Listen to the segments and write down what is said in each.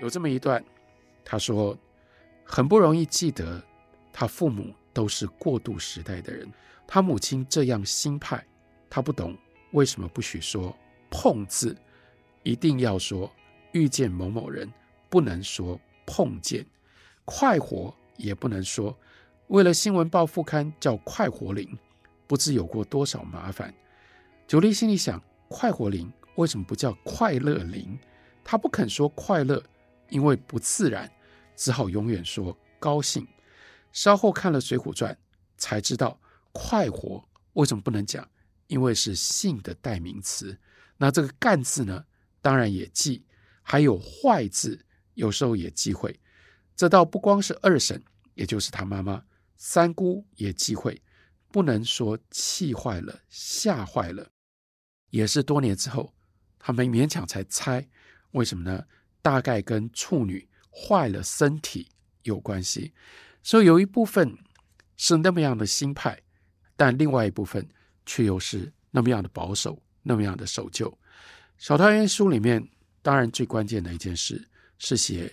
有這麼一段，他說：“很不容易記得，他父母都是過渡時代的人，他母親這樣新派，他不懂為什麼不許說碰字，一定要說遇見某某人，不能說碰見，快活也不能說。為了新聞報副刊叫快活林，不知有過多少麻煩。九莉心裡想，快活林為什麼不叫快樂林？他不肯說快樂。”因為不自然，只好永遠說高興。稍後看了《水滸傳》，才知道快活為什麼不能講，因為是性的代名詞。那這個“幹”字呢，當然也忌；還有“壞”字，有時候也忌諱。這倒不光是二嬸，也就是她媽媽，三姑也忌諱，不能說氣壞了、嚇壞了。也是多年之後，他們勉強才猜，為什麼呢？大概跟處女壞了身體有關係，所以有一部分是那麼樣的新派，但另外一部分卻又是那麼樣的保守，那麼樣的守舊。小團圓書裡面，當然最關鍵的一件事是寫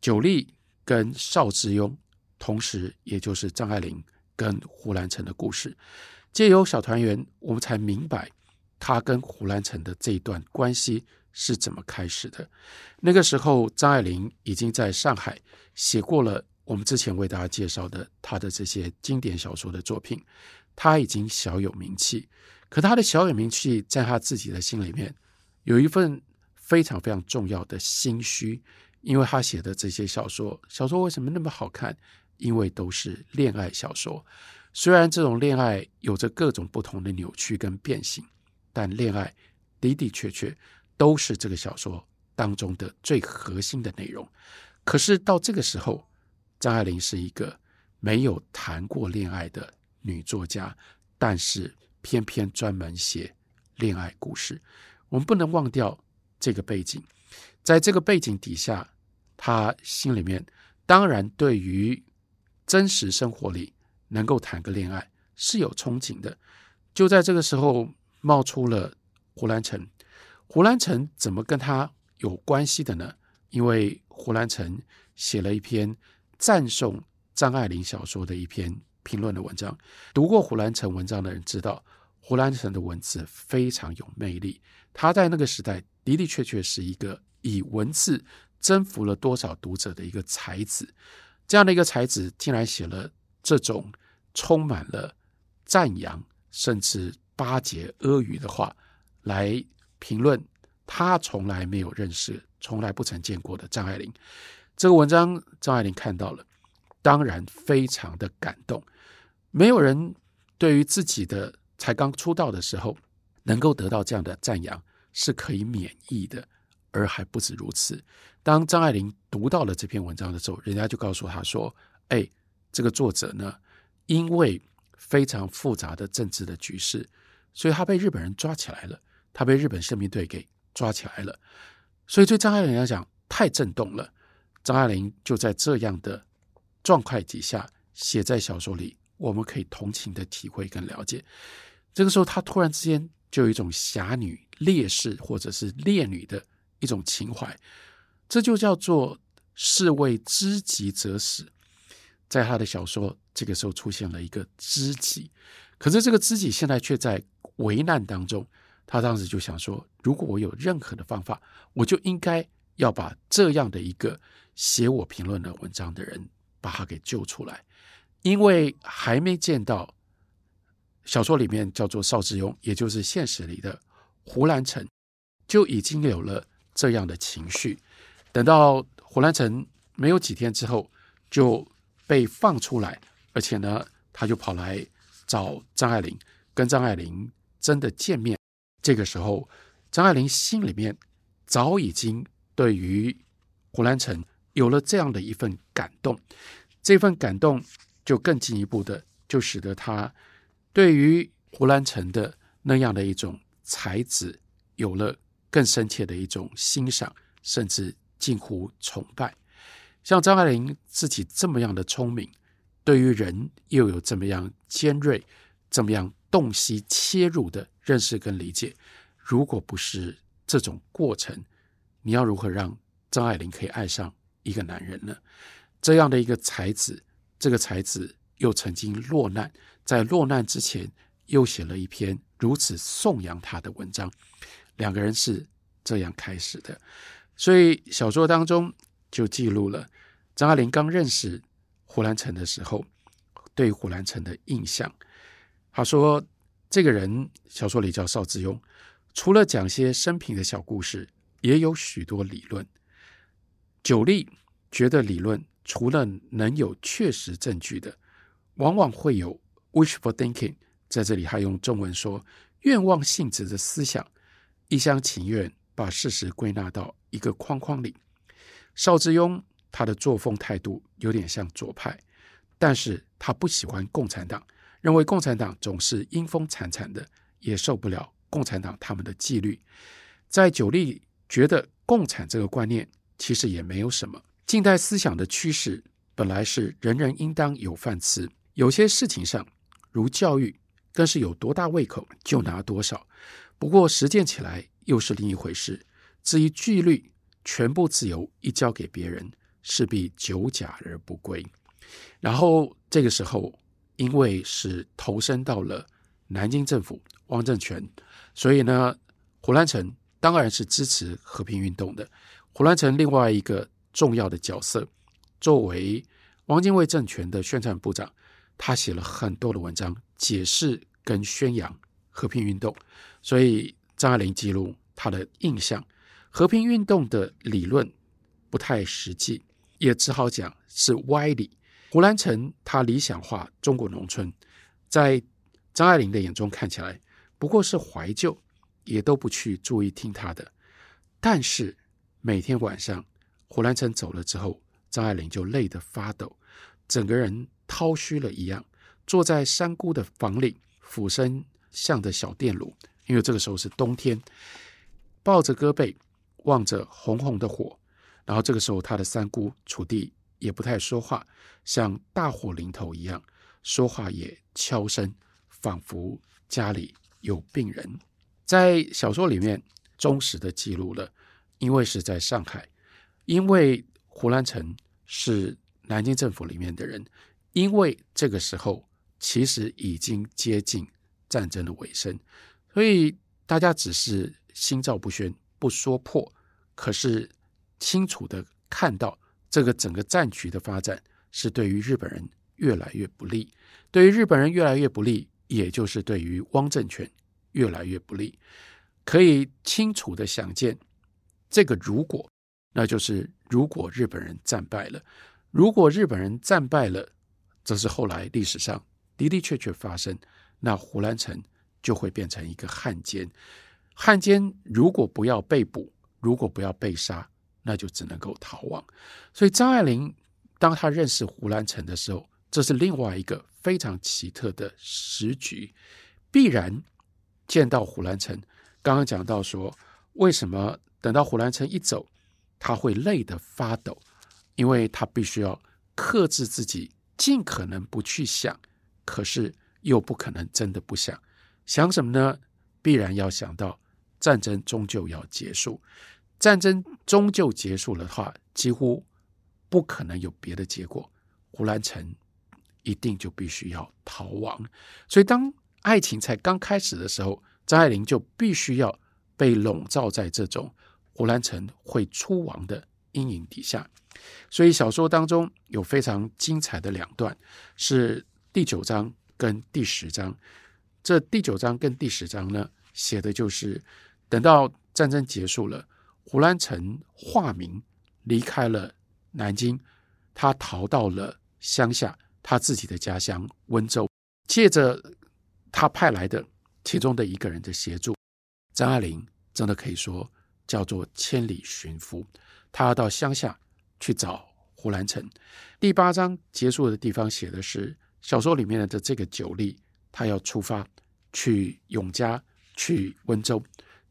九莉跟邵之雍，同時也就是張愛玲跟胡蘭成的故事。借由小團圓，我們才明白他跟胡蘭成的這一段關係。是怎麼開始的？那個時候，張愛玲已經在上海寫過了我們之前為大家介紹的她的這些經典小說的作品，她已經小有名氣。可她的小有名氣，在她自己的心裡面有一份非常非常重要的心虛，因為她寫的這些小說，小說為什麼那麼好看？因為都是戀愛小說。雖然這種戀愛有着各種不同的扭曲跟變形，但戀愛的的確確。都是這個小說當中的最核心的內容。可是到這個時候，張愛玲是一個沒有談過戀愛的女作家，但是偏偏專門寫戀愛故事。我們不能忘掉這個背景，在這個背景底下，她心裡面當然對於真實生活裡能夠談個戀愛是有憧憬的。就在這個時候，冒出了胡蘭成。胡蘭成怎麼跟他有關係的呢？因為胡蘭成寫了一篇讚頌張愛玲小說的一篇評論的文章。讀過胡蘭成文章的人知道，胡蘭成的文字非常有魅力。他在那個時代的的確確是一個以文字征服了多少讀者的一個才子。這樣的一個才子，竟然寫了這種充滿了讚揚甚至巴結阿諛的話來。評論他從來沒有認識、從來不曾見過的張愛玲，這個文章張愛玲看到了，當然非常的感動。沒有人對於自己的才剛出道的時候能夠得到這樣的讚揚是可以免疫的，而還不止如此。當張愛玲讀到了這篇文章的時候，人家就告訴她說：“哎，這個作者呢，因為非常複雜的政治的局勢，所以他被日本人抓起來了。”他被日本憲兵隊給抓起來了，所以對張愛玲來講太震動了。張愛玲就在這樣的狀態底下寫在小說裡，我們可以同情的體會跟了解。這個時候，他突然之間就有一種俠女、烈士，或者是烈女的一種情懷，這就叫做士為知己者死。在他的小說這個時候出現了一個知己，可是這個知己現在卻在危難當中。他當時就想說，如果我有任何的方法，我就應該要把這樣的一個寫我評論的文章的人，把他給救出來，因為還沒見到小說裡面叫做邵志庸，也就是現實裡的胡蘭成，就已經有了這樣的情緒。等到胡蘭成沒有幾天之後就被放出來，而且呢，他就跑來找張愛玲，跟張愛玲真的見面。這個時候，張愛玲心裡面早已經對於胡蘭成有了這樣的一份感動，這份感動就更進一步的，就使得她對於胡蘭成的那樣的一種才子，有了更深切的一種欣賞，甚至近乎崇拜。像張愛玲自己這麼樣的聰明，對於人又有這麼樣尖銳、這麼樣洞悉切入的。認識跟理解，如果不是這種過程，你要如何讓張愛玲可以愛上一個男人呢？這樣的一個才子，這個才子又曾經落難，在落難之前又寫了一篇如此頌揚他的文章。兩個人是這樣開始的，所以小說當中就記錄了張愛玲剛認識胡蘭成的時候，對胡蘭成的印象。他說。這個人小說裡叫邵之雍，除了講些生平的小故事，也有許多理論。九莉覺得理論除了能有確實證據的，往往會有 wishful thinking，在這裡還用中文說願望性質的思想，一廂情願把事實歸納到一個框框裡。邵之雍，他的作風態度有點像左派，但是他不喜歡共產黨。認為共產黨總是陰風慘慘的，也受不了共產黨他們的紀律。在九莉覺得共產這個觀念其實也沒有什麼。近代思想的趨勢本來是人人應當有飯吃，有些事情上如教育更是有多大胃口就拿多少。不過實踐起來又是另一回事。至於紀律，全部自由一交給別人，勢必久假而不歸。然後這個時候。因為是投身到了南京政府汪政權，所以呢，胡蘭成當然是支持和平運動的。胡蘭成另外一個重要的角色，作為汪精衛政權的宣傳部長，他寫了很多的文章，解釋跟宣揚和平運動。所以張愛玲記錄她的印象，和平運動的理論不太實際，也只好講是歪理。胡蘭成他理想化中國農村，在張愛玲的眼中看起來不過是懷舊，也都不去注意聽他的。但是每天晚上胡蘭成走了之後，張愛玲就累得發抖，整個人掏虛了一樣，坐在三姑的房裡，俯身向着小電爐，因為這個時候是冬天，抱着胳膊望着紅紅的火，然後這個時候他的三姑楚娣。也不太說話，像大禍臨頭一樣，說話也悄聲，仿佛家裡有病人，在小說裡面忠實的記錄了，因為是在上海，因為胡蘭成是南京政府裡面的人，因為這個時候其實已經接近戰爭的尾聲，所以大家只是心照不宣，不說破，可是清楚的看到。這個整個戰局的發展是對於日本人越來越不利，對於日本人越來越不利，也就是對於汪政權越來越不利。可以清楚的想見，這個如果，那就是如果日本人戰敗了，如果日本人戰敗了，這是後來歷史上的的確確發生，那胡蘭成就會變成一個漢奸。漢奸如果不要被捕，如果不要被殺。那就只能夠逃亡，所以張愛玲，當她認識胡蘭成的時候，這是另外一個非常奇特的時局，必然見到胡蘭成。剛剛講到說，為什麼等到胡蘭成一走，她會累得發抖？因為她必須要克制自己，盡可能不去想，可是又不可能真的不想。想什麼呢？必然要想到戰爭終究要結束。戰爭終究結束了的話，幾乎不可能有別的結果。胡蘭成一定就必須要逃亡，所以當愛情才剛開始的時候，張愛玲就必須要被籠罩在這種胡蘭成會出亡的陰影底下。所以小說當中有非常精彩的兩段，是第九章跟第十章。這第九章跟第十章呢，寫的就是等到戰爭結束了。胡蘭成化名離開了南京，他逃到了鄉下，他自己的家鄉溫州，借着他派來的其中的一個人的協助，張愛玲真的可以說叫做千里尋夫，他要到鄉下去找胡蘭成。第八章結束的地方寫的是小說裡面的這這個九莉，他要出發去永嘉，去溫州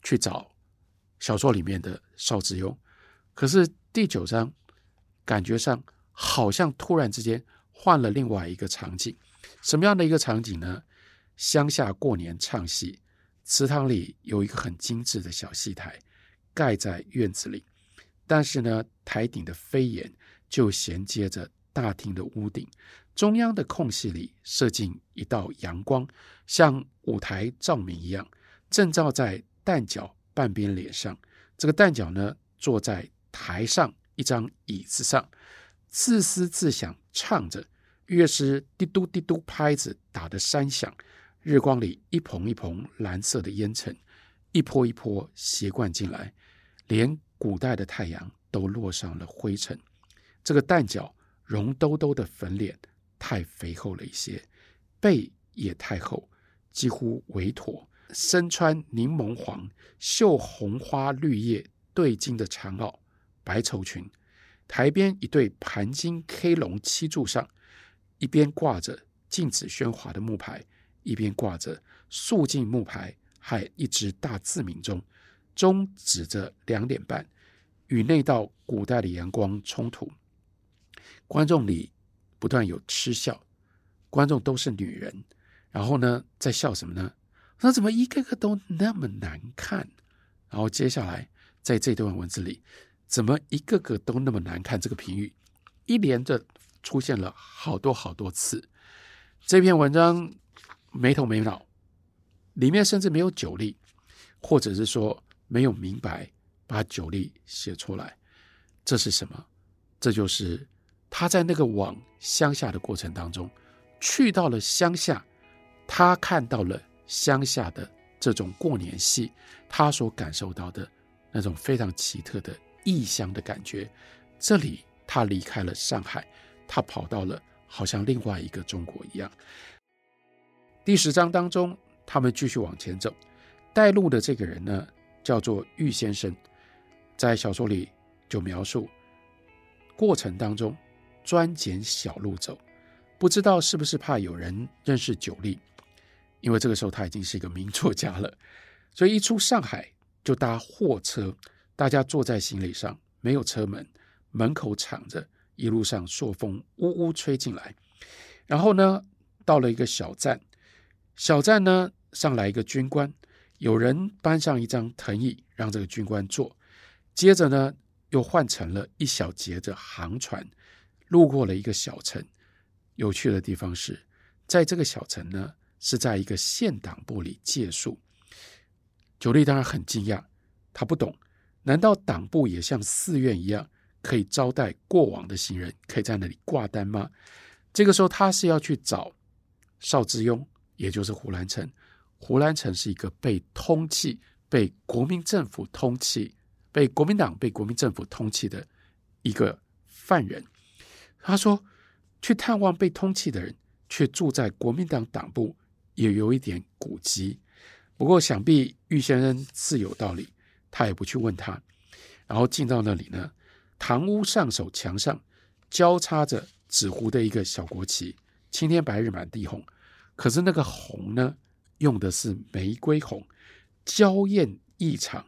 去找，小說裡面的邵之雍，可是第九章感覺上好像突然之間換了另外一個場景。什麼樣的一個場景呢？鄉下過年唱戲，祠堂裡有一個很精致的小戲台，蓋在院子裡，但是呢，台頂的飛檐就銜接着大廳的屋頂，中央的空隙裡射進一道陽光，像舞台照明一樣，正照在蛋餃半邊臉上，這個旦角呢，坐在台上一張椅子上，自思自想，唱着。樂師滴嘟滴嘟，拍子打得山響。日光裡，一捧一捧藍色的煙塵，一潑一潑斜灌進來，連古代的太陽都落上了灰塵。這個旦角，絨兜兜的粉臉太肥厚了一些，背也太厚，幾乎微駝。身穿檸檬黃繡紅花綠葉對襟的長襖，白綢裙，台邊一對盤金黑龍漆柱上，一邊掛着禁止喧嘩的木牌，一邊掛着肅靜木牌，還一隻大自鳴鐘，鐘指着兩點半，與那道古代的陽光衝突。觀眾裡不斷有嗤笑，觀眾都是女人，然後呢，在笑什麼呢？那怎麼一個個都那麼難看？然後接下來在這段文字裡，怎麼一個個都那麼難看？這個評語一連着出現了好多好多次。這篇文章沒頭沒腦，裡面甚至沒有酒力，或者是說沒有明白把酒力寫出來。這是什麼？這就是他在那個往鄉下的過程當中，去到了鄉下，他看到了。鄉下的這種過年戲，他所感受到的那種非常奇特的異鄉的感覺。這裡他離開了上海，他跑到了好像另外一個中國一樣。第十章當中，他們繼續往前走，帶路的這個人呢叫做，玉先生，在小說裡就描述過程當中專揀小路走，不知道是不是怕有人認識九莉。因為這個時候他已經是一個名作家了，所以一出上海就搭貨車，大家坐在行李上，沒有車門，門口敞着，一路上朔風嗚嗚吹進來。然後呢，到了一個小站，小站呢上來一個軍官，有人搬上一張藤椅讓這個軍官坐。接着呢，又換成了一小節的航船，路過了一個小城。有趣的地方是，在這個小城呢。是在一個縣黨部裡借宿，九莉當然很驚訝，她不懂，難道黨部也像寺院一樣，可以招待過往的行人，可以在那裡掛單嗎？這個時候，她是要去找邵之雍，也就是胡蘭成。胡蘭成是一個被通緝、被國，被國民政府通緝、被國民黨、被國民政府通緝的一個犯人。她說去探望被通緝的人，卻住在國民黨黨部。也有一點古籍，不過想必玉先生自有道理，他也不去問他。然後進到那裡呢，堂屋上手牆上交叉着紙糊的一個小國旗，青天白日滿地紅，可是那個紅呢，用的是玫瑰紅，嬌艷異常。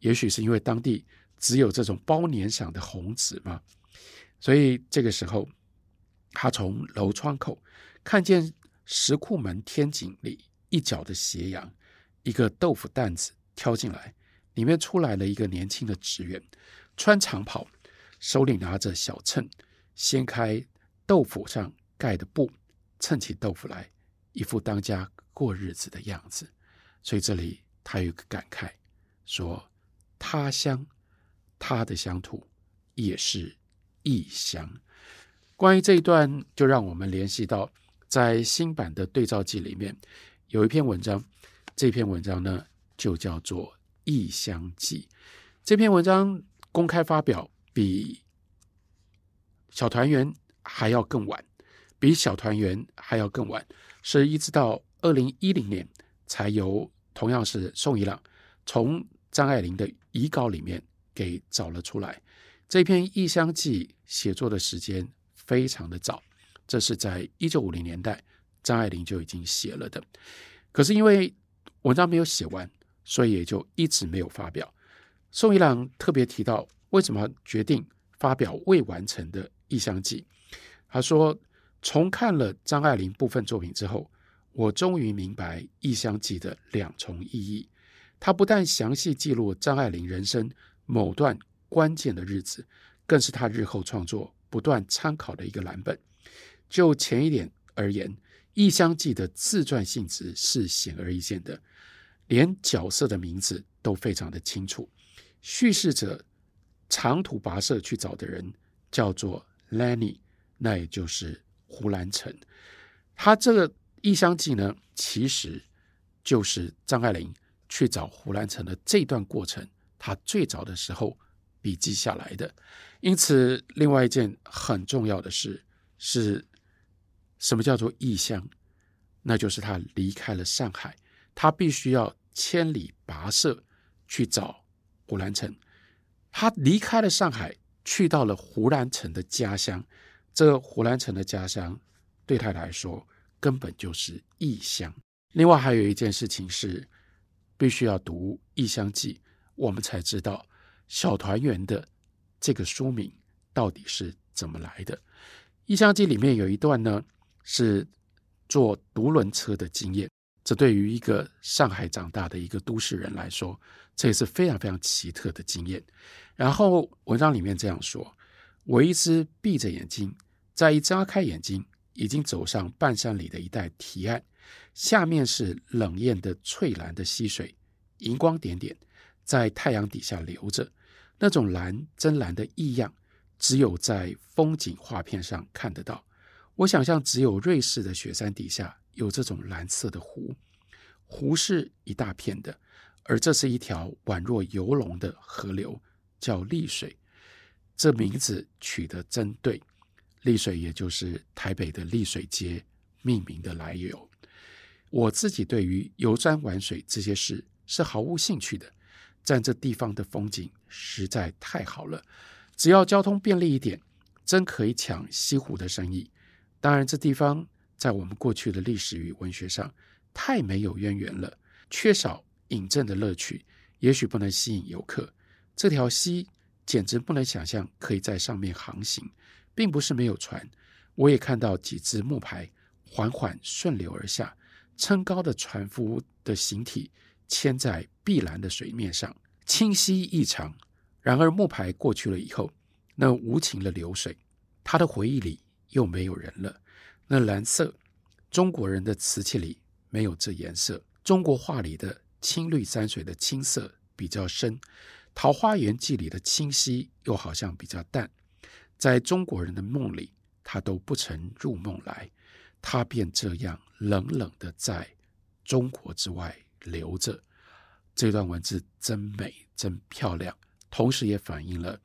也許是因為當地只有這種包年賞的紅紙嘛，所以這個時候，他從樓窗口看見。石庫門天井裡一角的斜陽，一個豆腐擔子挑進來，裡面出來了一個年輕的職員，穿長袍，手裡拿着小秤，掀開豆腐上蓋的布，秤起豆腐來，一副當家過日子的樣子。所以這裡他有一個感慨，說他鄉，他的鄉土也是異鄉。關於這一段，就讓我們聯繫到。在新版的對照記裡面，有一篇文章，這篇文章呢就叫做《異鄉記》。這篇文章公開發表比《小團圓》還要更晚，比《小團圓》還要更晚，是一直到二零一零年才由同樣是宋以朗從張愛玲的遺稿裡面給找了出來。這篇《異鄉記》寫作的時間非常的早。這是在一九五零年代，張愛玲就已經寫了的，可是因為文章沒有寫完，所以也就一直沒有發表。宋以朗特別提到，為什麼決定發表未完成的《異鄉記》？他說，重看了張愛玲部分作品之後，我終於明白《異鄉記》的兩重意義。它不但詳細記錄了張愛玲人生某段關鍵的日子，更是他日後創作不斷參考的一個藍本。就前一點而言，《異鄉記》的自傳性質是顯而易見的，連角色的名字都非常的清楚。敘事者長途跋涉去找的人叫做 Lenny，那也就是胡蘭成。他這個《異鄉記》呢，其實就是張愛玲去找胡蘭成的這段過程，他最早的時候筆記下來的。因此，另外一件很重要的事是，是什麼叫做異鄉？那就是他離開了上海，他必須要千里跋涉去找胡蘭成。他離開了上海，去到了胡蘭成的家鄉。這個胡蘭成的家鄉對他來說，根本就是異鄉。另外還有一件事情是，必須要讀《異鄉記》，我們才知道《小團圓》的這個書名到底是怎麼來的。《異鄉記》裡面有一段呢。是坐獨輪車的經驗，這對於一個上海長大的一個都市人來說，這也是非常非常奇特的經驗。然後文章裡面這樣說：“我一直閉着眼睛，再一睜開眼睛，已經走上半山裡的一帶堤岸，下面是冷艷的翠藍的溪水，銀光點點，在太陽底下流着，那種藍真藍的異樣，只有在風景畫片上看得到。”我想象只有瑞士的雪山底下有這種藍色的湖，湖是一大片的，而這是一條宛若游龍的河流，叫麗水。這名字取得真對，麗水也就是台北的麗水街命名的來由。我自己對於遊山玩水這些事是毫無興趣的，但這地方的風景實在太好了，只要交通便利一點，真可以搶西湖的生意。當然，這地方在我們過去的歷史與文學上太沒有淵源了，缺少引證的樂趣，也許不能吸引遊客。這條溪簡直不能想象可以在上面航行，並不是沒有船。我也看到幾隻木排緩緩順流而下，撐篙的船夫的形體嵌在碧藍的水面上，清晰異常。然而木排過去了以後，那無情的流水，他的回憶裡。又沒有人了。那藍色，中國人的瓷器裡沒有這顏色。中國畫裡的青綠山水的青色比較深，《桃花源記》裡的青溪又好像比較淡。在中國人的夢裡，它都不曾入夢來，它便這樣冷冷的在中國之外留着。這段文字真美，真漂亮，同時也反映了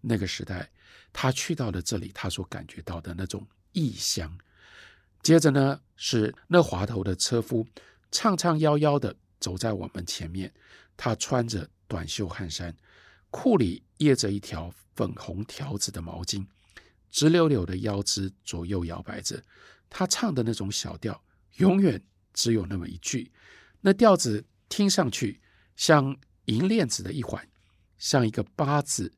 那個時代。他去到了這裡，他所感覺到的那種異鄉。接着呢，是那滑頭的車夫，唱唱吆吆的走在我們前面。他穿着短袖汗衫，褲裡掖着一條粉紅條子的毛巾，直溜溜的腰肢左右搖擺着。他唱的那種小調，永遠只有那麼一句。那調子聽上去像銀鏈子的一環，像一個八字，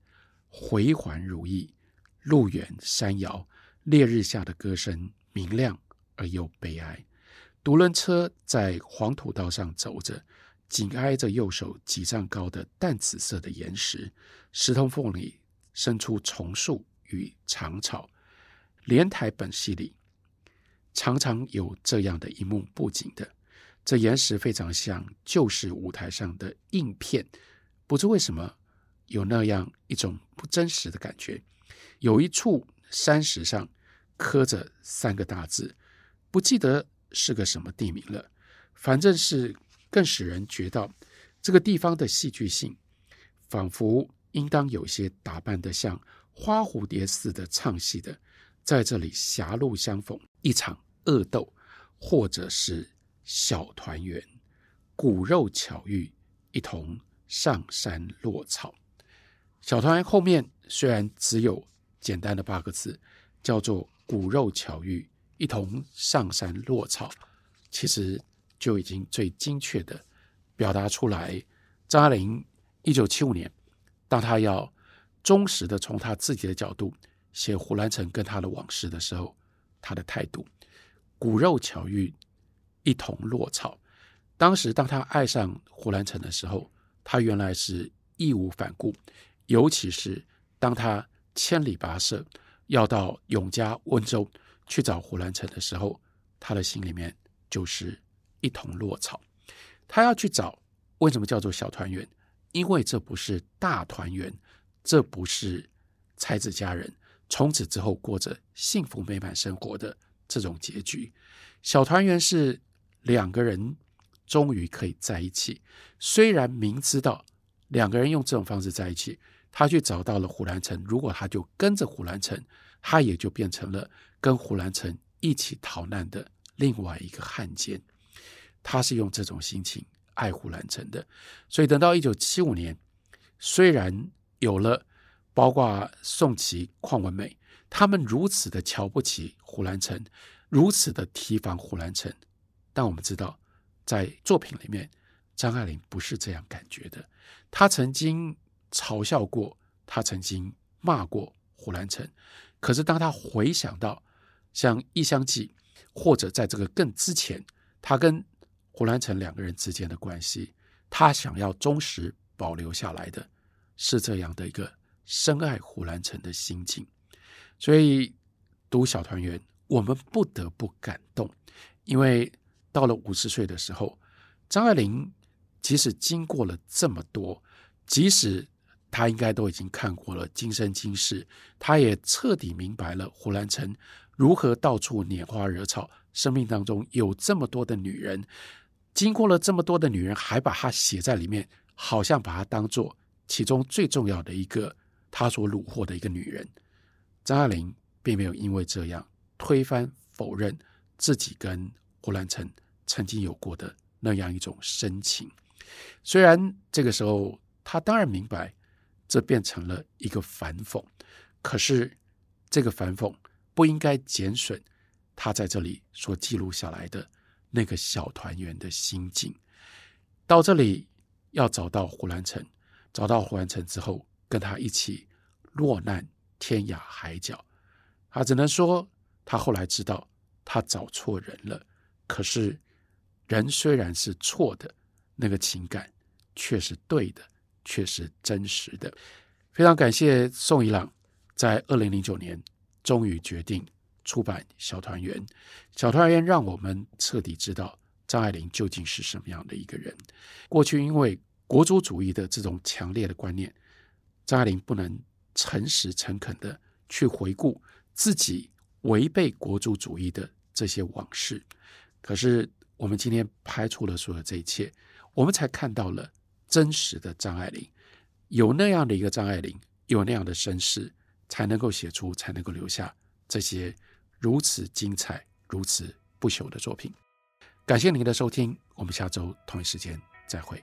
回環如意。路遠山遙，烈日下的歌聲明亮而又悲哀。獨輪車在黃土道上走着，緊挨着右手幾丈高的淡紫色的岩石，石頭縫裡伸出叢樹與長草。連台本戲裡常常有這樣的一幕布景的，這岩石非常像舊時舞臺上的硬片，不知為什麼有那樣一種不真實的感覺。有一處山石上刻着三個大字，不記得是個什麼地名了，反正是更使人覺得這個地方的戲劇性，仿佛應當有些打扮得像花蝴蝶似的唱戲的，在這裡狹路相逢，一場惡鬥，或者是小團圓，骨肉巧遇，一同上山落草。小團圓後面雖然只有簡單的八個字，叫做“骨肉巧遇，一同上山落草”，其實就已經最精確地表達出來。張愛玲一九七五年，當他要忠實地從他自己的角度寫胡蘭成跟他的往事的時候，他的態度“骨肉巧遇，一同落草”。當時，當他愛上胡蘭成的時候，他原來是義無反顧。尤其是當他千里跋涉要到永嘉溫州去找胡蘭成的時候，他的心裡面就是一同落草。他要去找，為什麼叫做小團圓？因為這不是大團圓，這不是才子佳人從此之後過着幸福美滿生活的這種結局。小團圓是兩個人終於可以在一起，雖然明知道。兩個人用這種方式在一起，他去找到了胡蘭成。如果他就跟着胡蘭成，他也就變成了跟胡蘭成一起逃難的另外一個漢奸。他是用這種心情愛胡蘭成的，所以等到一九七五年，雖然有了包括宋琦、鄺文美他們如此的瞧不起胡蘭成，如此的提防胡蘭成，但我們知道在作品裡面。張愛玲不是這樣感覺的，她曾經嘲笑過，她曾經罵過胡蘭成，可是當她回想到像《異鄉記》或者在這個更之前，她跟胡蘭成兩個人之間的關係，她想要忠實保留下來的是這樣的一個深愛胡蘭成的心境。所以讀《小團圓》，我們不得不感動，因為到了五十歲的時候，張愛玲。即使經過了這麼多，即使他應該都已經看過了今生今世，他也徹底明白了胡蘭成如何到處拈花惹草，生命當中有這麼多的女人，經過了這麼多的女人，還把她寫在裡面，好像把她當做其中最重要的一個，他所虜獲的一個女人。張愛玲並沒有因為這樣推翻否認自己跟胡蘭成曾經有過的那樣一種深情。雖然這個時候他當然明白，這變成了一個反諷，可是這個反諷不應該減損他在這裡所記錄下來的那個小團圓的心境。到這裡要找到胡蘭成，找到胡蘭成之後，跟他一起落難天涯海角，他只能說他後來知道他找錯人了，可是人雖然是錯的。那個情感確實對的，確實真實的。非常感謝宋一郎，在二零零九年終於決定出版小團《小團圓》。《小團圓》讓我們徹底知道張愛玲究竟是什麼樣的一個人。過去因為國主主義的這種強烈的觀念，張愛玲不能誠實誠懇地去回顧自己違背國主主義的這些往事。可是我們今天拍出了所有這一切。我們才看到了真實的張愛玲，有那樣的一個張愛玲，有那樣的身世，才能夠寫出，才能夠留下這些如此精彩、如此不朽的作品。感謝您的收聽，我們下周同一時間再會。